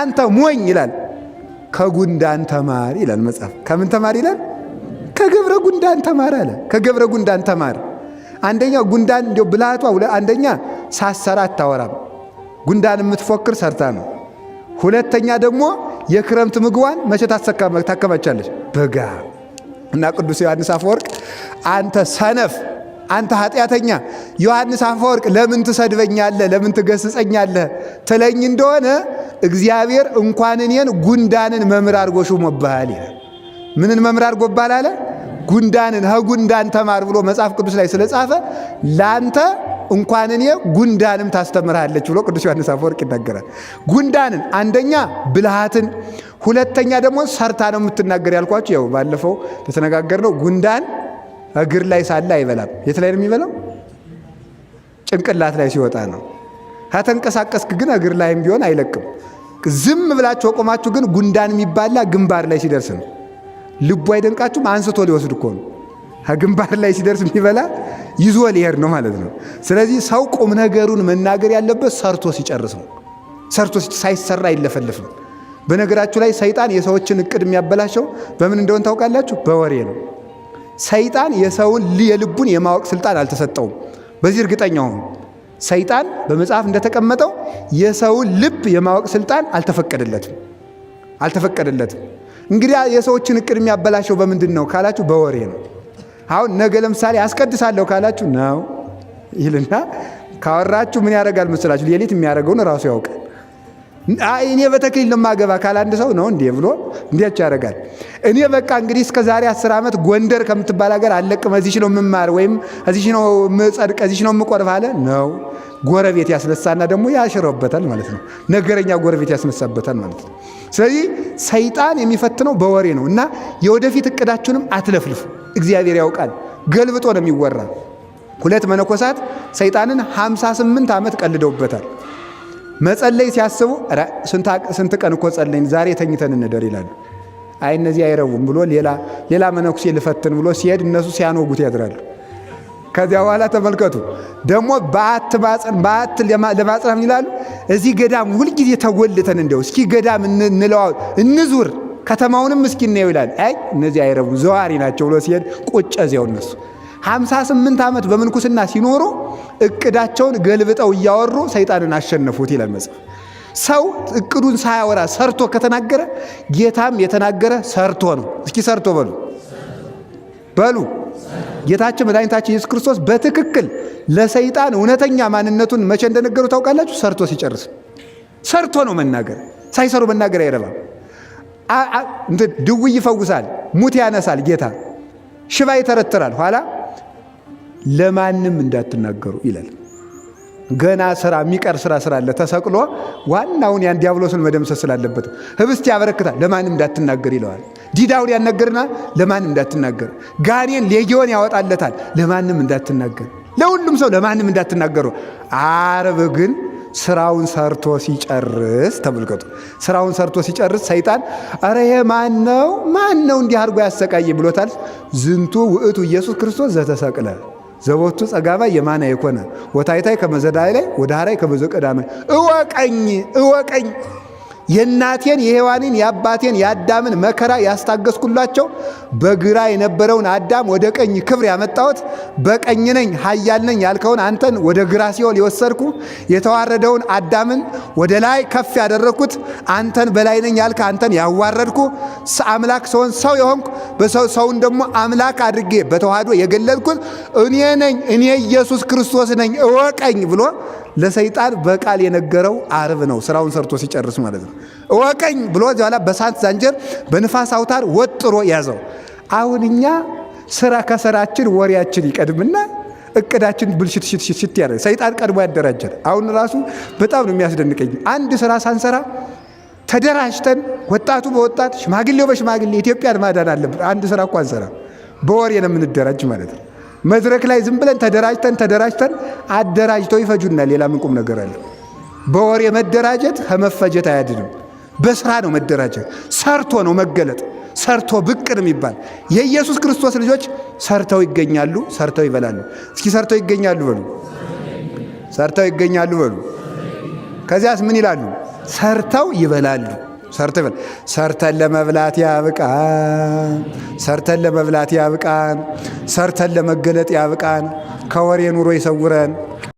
አንተ ሞኝ ይላል ከጉንዳን ተማር ይላል መጽሐፍ። ከምን ተማር ይላል? ከገብረ ጉንዳን ተማር አለ። ከገብረ ጉንዳን ተማር። አንደኛ ጉንዳን እንዲያው ብልሃቷ፣ አንደኛ ሳሰራ አታወራም። ጉንዳን የምትፎክር ሰርታ ነው። ሁለተኛ ደግሞ የክረምት ምግቧን መቼ ታከማቻለች? በጋ እና ቅዱስ ዮሐንስ አፈወርቅ አንተ ሰነፍ፣ አንተ ኃጢአተኛ ዮሐንስ አፈወርቅ ለምን ትሰድበኛለህ? ለምን ትገስጸኛለህ? ትለኝ እንደሆነ እግዚአብሔር እንኳን እኔን ጉንዳንን መምህር አድርጎ ሾሞብሃል ይላል። ምንን መምህር አድርጎብሃል አለ? ጉንዳንን። ሀጉንዳን ተማር ብሎ መጽሐፍ ቅዱስ ላይ ስለጻፈ ላንተ እንኳን እኔ ጉንዳንም ታስተምርሃለች ብሎ ቅዱስ ዮሐንስ አፈወርቅ ይናገራል። ጉንዳንን አንደኛ ብልሃትን፣ ሁለተኛ ደግሞ ሰርታ ነው የምትናገር ያልኳቸው። ያው ባለፈው ተተነጋገርነው ጉንዳን እግር ላይ ሳለ አይበላም። የት ላይ ነው የሚበላው? ጭንቅላት ላይ ሲወጣ ነው። ከተንቀሳቀስክ ግን እግር ላይም ቢሆን አይለቅም። ዝም ብላችሁ ቆማችሁ ግን ጉንዳን የሚባላ ግንባር ላይ ሲደርስ ነው። ልቡ አይደንቃችሁም? አንስቶ ሊወስድ እኮ ነው። ግንባር ላይ ሲደርስ የሚበላ ይዞ ሊሄድ ነው ማለት ነው። ስለዚህ ሰው ቁም ነገሩን መናገር ያለበት ሰርቶ ሲጨርስ ነው። ሰርቶ ሳይሰራ አይለፈልፍም። በነገራችሁ ላይ ሰይጣን የሰዎችን እቅድ የሚያበላሸው በምን እንደሆን ታውቃላችሁ? በወሬ ነው። ሰይጣን የሰውን የልቡን የማወቅ ስልጣን አልተሰጠውም። በዚህ እርግጠኛ ሆኑ። ሰይጣን በመጽሐፍ እንደተቀመጠው የሰውን ልብ የማወቅ ስልጣን አልተፈቀደለትም አልተፈቀደለትም። እንግዲህ የሰዎችን እቅድ የሚያበላሸው በምንድን ነው ካላችሁ፣ በወሬ ነው። አሁን ነገ ለምሳሌ አስቀድሳለሁ ካላችሁ ነው ይልና ካወራችሁ ምን ያደርጋል መሰላችሁ? ሌሊት የሚያደርገውን ራሱ ያውቃል። አይ እኔ በተክሊል ነው ማገባ ካል አንድ ሰው ነው እንዴ ብሎ እንዴት ያደርጋል? እኔ በቃ እንግዲህ እስከ ዛሬ አስር ዓመት ጎንደር ከምትባል ሀገር አለቅም፣ እዚሽ ነው የምማር ወይም እዚሽ ነው የምጸድቅ፣ እዚሽ ነው የምቆርብ አለ ነው። ጎረቤት ያስነሳና ደግሞ ያሽረበታል ማለት ነው። ነገረኛ ጎረቤት ያስነሳበታል ማለት ነው። ስለዚህ ሰይጣን የሚፈትነው በወሬ ነው እና የወደፊት እቅዳችሁንም አትለፍልፉ፣ እግዚአብሔር ያውቃል። ገልብጦ ነው የሚወራ። ሁለት መነኮሳት ሰይጣንን 58 ዓመት ቀልደውበታል። መጸለይ ሲያስቡ ስንት ቀን እኮ ጸለይን፣ ዛሬ ተኝተን እንደር ይላሉ። አይ እነዚህ አይረቡም ብሎ ሌላ ሌላ መነኩሴ ልፈትን ብሎ ሲሄድ እነሱ ሲያኖጉት ያድራሉ። ከዚያ በኋላ ተመልከቱ ደግሞ በአት ባጽን ለማጽረፍ ይላሉ። እዚህ ገዳም ሁልጊዜ ተጎልተን እንደው እስኪ ገዳም እንለዋ እንዙር ከተማውንም እስኪ እናየው ይላል። አይ እነዚህ አይረቡ ዘዋሪ ናቸው ብሎ ሲሄድ ቁጭ እዚያው እነሱ 58 ዓመት በምንኩስና ሲኖሩ እቅዳቸውን ገልብጠው እያወሩ ሰይጣንን አሸነፉት ይላል መጽሐፍ። ሰው እቅዱን ሳያወራ ሰርቶ ከተናገረ ጌታም የተናገረ ሰርቶ ነው። እስኪ ሰርቶ በሉ በሉ። ጌታችን መድኃኒታችን ኢየሱስ ክርስቶስ በትክክል ለሰይጣን እውነተኛ ማንነቱን መቼ እንደነገሩ ታውቃላችሁ? ሰርቶ ሲጨርስ። ሰርቶ ነው መናገር። ሳይሰሩ መናገር አይረባም። ድውይ ይፈውሳል፣ ሙት ያነሳል ጌታ፣ ሽባ ይተረትራል ኋላ ለማንም እንዳትናገሩ ይላል። ገና ስራ የሚቀር ስራ አለ። ተሰቅሎ ዋናውን ያን ዲያብሎስን መደምሰስ ስላለበት ህብስት ያበረክታል። ለማንም እንዳትናገር ይለዋል። ዲዳውን ያነገርና ለማንም እንዳትናገር። ጋኔን ሌጊዮን ያወጣለታል። ለማንም እንዳትናገር፣ ለሁሉም ሰው ለማንም እንዳትናገሩ። አርብ ግን ስራውን ሰርቶ ሲጨርስ ተመልከቱ። ስራውን ሰርቶ ሲጨርስ ሰይጣን ኧረ ይሄ ማን ነው? ማን ነው እንዲህ አድርጎ ያሰቃይ ብሎታል። ዝንቱ ውእቱ ኢየሱስ ክርስቶስ ዘተሰቅለ ዘቦቱ ጸጋባ የማና የኮነ ወታይታይ ከመዘዳይ ላይ ወዳሃራይ ከመዘቀዳመ እወቀኝ እወቀኝ የእናቴን የሔዋንን የአባቴን የአዳምን መከራ ያስታገስኩላቸው በግራ የነበረውን አዳም ወደ ቀኝ ክብር ያመጣሁት በቀኝ ነኝ ኃያል ነኝ ያልከውን አንተን ወደ ግራ ሲኦል የወሰድኩ የተዋረደውን አዳምን ወደ ላይ ከፍ ያደረግኩት አንተን በላይ ነኝ ያልከ አንተን ያዋረድኩ አምላክ ሰውን ሰው የሆንኩ ሰውን ደግሞ አምላክ አድርጌ በተዋህዶ የገለጥኩት እኔ ነኝ እኔ ኢየሱስ ክርስቶስ ነኝ እወቀኝ ብሎ ለሰይጣን በቃል የነገረው አርብ ነው። ስራውን ሰርቶ ሲጨርስ ማለት ነው። እወቀኝ ብሎ ኋላ በሳት ዛንጀር በንፋስ አውታር ወጥሮ ያዘው። አሁን እኛ ስራ ከስራችን ወሬያችን ይቀድምና እቅዳችን ብልሽት ሽት ሽት ያደርግ ሰይጣን ቀድሞ ያደራጀን። አሁን ራሱ በጣም ነው የሚያስደንቀኝ። አንድ ስራ ሳንሰራ ተደራጅተን ወጣቱ በወጣት ሽማግሌው በሽማግሌ ኢትዮጵያን ማዳን አለብን። አንድ ስራ እኳ አንሰራ፣ በወሬ ነው የምንደራጅ ማለት ነው። መድረክ ላይ ዝም ብለን ተደራጅተን ተደራጅተን አደራጅተው ይፈጁናል። ሌላ ምን ቁም ነገር አለ? በወሬ መደራጀት ከመፈጀት አያድንም። በስራ ነው መደራጀት። ሰርቶ ነው መገለጥ። ሰርቶ ብቅ ነው የሚባል የኢየሱስ ክርስቶስ ልጆች ሰርተው ይገኛሉ፣ ሰርተው ይበላሉ። እስኪ ሰርተው ይገኛሉ በሉ፣ ሰርተው ይገኛሉ በሉ። ከዚያስ ምን ይላሉ? ሰርተው ይበላሉ። ሰርት ብል ሰርተን ለመብላት ያብቃን፣ ሰርተን ለመብላት ያብቃን፣ ሰርተን ለመገለጥ ያብቃን። ከወሬ ኑሮ ይሰውረን።